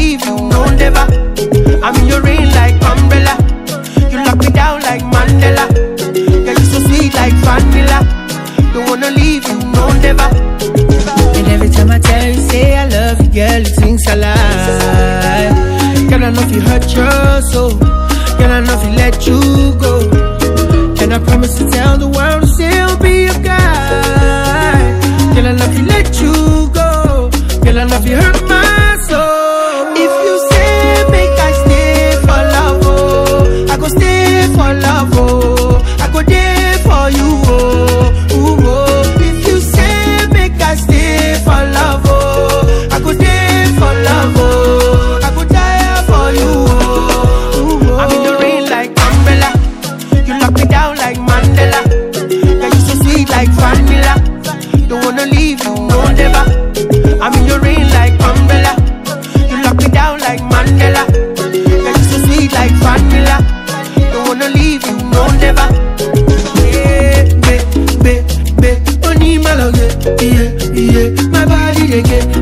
leave you, no never. I'm in your rain like umbrella. You lock me down like Mandela. Yeah, you so sweet like vanilla. Don't wanna leave you, no never. And every time I tell you, say I love you, girl, it rings a lie. Girl, I know if you hurt your soul. Girl, I know if you let you. Don't no leave you, no never. I'm in your rain like umbrella. You lock me down like Mandela. You're so sweet like vanilla. Don't wanna leave you, no never. Yeah, be, be, be. Only my love, yeah, yeah. My body, they get.